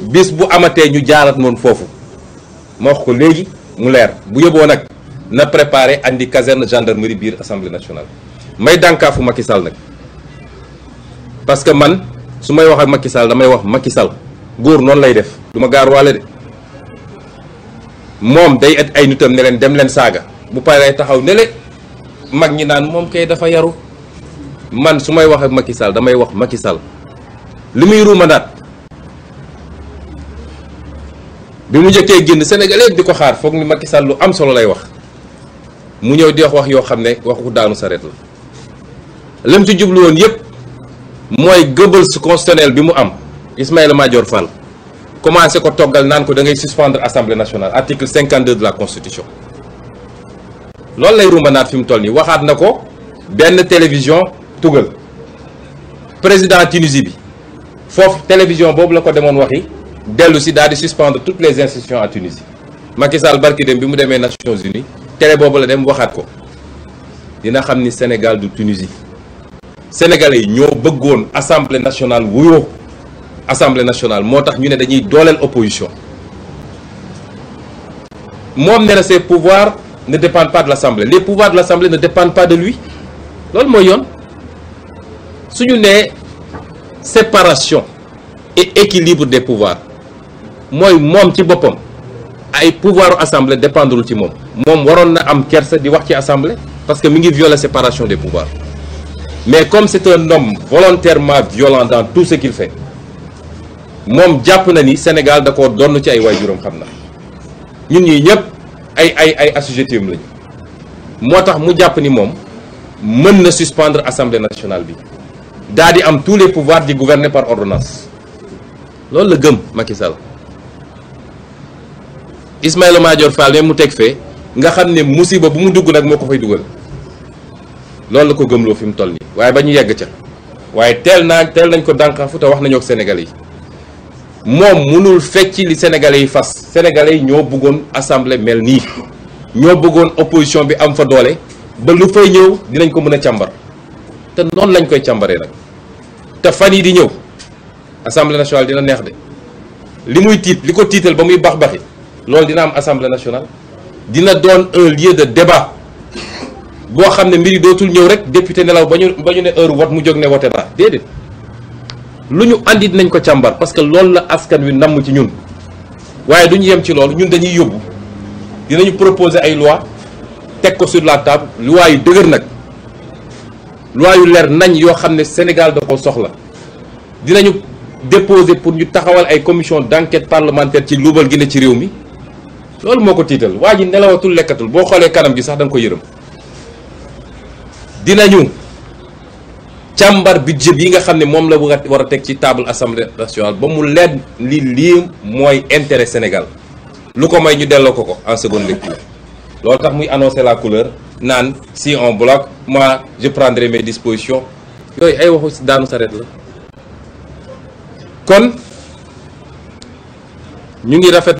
bis bu amatee ñu jaarat moon foofu ma wax ko léegi mu leer bu yóbboo nag na préparer andi caserne gendarmerie biir assemblée nationale may dànkaafu Macky Sall nag parce que man su may wax ak Macky Sall damay wax Macky Sall góor noonu lay def du ma gaar waale moom day at ay nitam ne dem leen saaga bu paree taxaw ne mag ñi naan moom dafa yaru man su may wax ak Macky Sall wax Macky li muy ruuma naat bi mu njëkkee génn sénégalais di ko xaar foog ni Macky Sall lu am solo lay wax mu ñëw di wax wax yoo xam ne waxu daanu sareet la mu ci jublu woon yépp mooy gëbal su constitutionnel bi mu am Ismaïla Madior fan commencé ko toggal naan ko da ngay suspendre assemblée nationale article 52 de la constitution loolu lay rumbanaat fi mu toll nii waxaat na ko benn télévision tugal président Tunisie bi foofu télévision boobu la ko demoon waxi dellu si daal di suspendre toutes les institutions à Tunisie Macky Sall barki dem bi mu demee Nations Unies tere boobu la dem waxaat ko dina xam ni Sénégal du Tunisie sénégalais yi ñoo bëggoon assemblée nationale wuyoo assemblée nationale moo tax ñu ne dañuy dooleel opposition moom ne na ses pouvoirs ne dépendent pas de l'assemblée les pouvoirs de l'assemblée ne dépendent pas de lui loolu mooy yoon suñu nee séparation et équilibre de pouvoirs mooy moom ci boppam ay pouvoiru assemblée dépendrul ci moom moom waroon na am kerse di wax ci assemblée parce que mi ngi violer séparation des pouvoirs mais comme c'est un homme volontairement violent dans tout ce qu'il fait moom jàpp na ni Sénégal da koo donn ci ay waajuram xam na ñun ñii ñëpp ay ay ay assujettis lañu moo tax mu jàpp ni moom mën na suspendre assemblée nationale bi daa di am tous les pouvoirs di gouverner par ordonnance loolu la gëm Macky Ismaïla Madior Fall ne mu teg fee nga xam ne musiba bu mu dugg nag moo ko fay dugal loolu la ko gëmloo fi mu toll nii waaye ba ñu yegg ca waaye teel naa teel nañ ko dànqaafu te wax nañoo ak Sénégalais yi moom mënul fecc li Sénégalais yi fas Sénégalais yi ñoo bëggoon assemblée mel nii ñoo bëggoon opposition bi am fa doole ba lu fay ñëw dinañ ko mën a càmbar te noonu lañ koy càmbaree nag te fan yi di ñëw assemblée nationale dina neex de li muy tiit li ko tiital ba muy bax loolu dina am assemblée nationale dina doon un lieu de débat boo xam ne mbir yi dootul ñëw rek député nelaw ba ñu ba ne heure vote mu jóg ne voté naa déedéet lu ñu àndit nañ ko càmbar parce que loolu la askan wi namm ci ñun waaye du ñu yem ci loolu ñun dañuy yóbbu dinañu proposer ay loi teg ko sur la table loi yu dëgër nag loi yu leer nañ yoo xam ne Sénégal da ko soxla dinañu déposer pour ñu taxawal ay commission d'enquête parlementaire ci luubal gi ci réew mi loolu moo ko tiital waa ji nelawatul lekkatul boo xoolee kanam gi sax da nga ko yërëm dinañu càmbar bi budget yi nga xam ne moom la war a teg ci table assemblée nationale ba mu leen li lii mooy intéret Sénégal lu ko may ñu delloo ko ko en seconde lecture loolu tax muy annoncer la couleur naan si on bloque moi je prendrai mes dispositions yooyu ay waxu daanu saret la kon ñu ngi rafet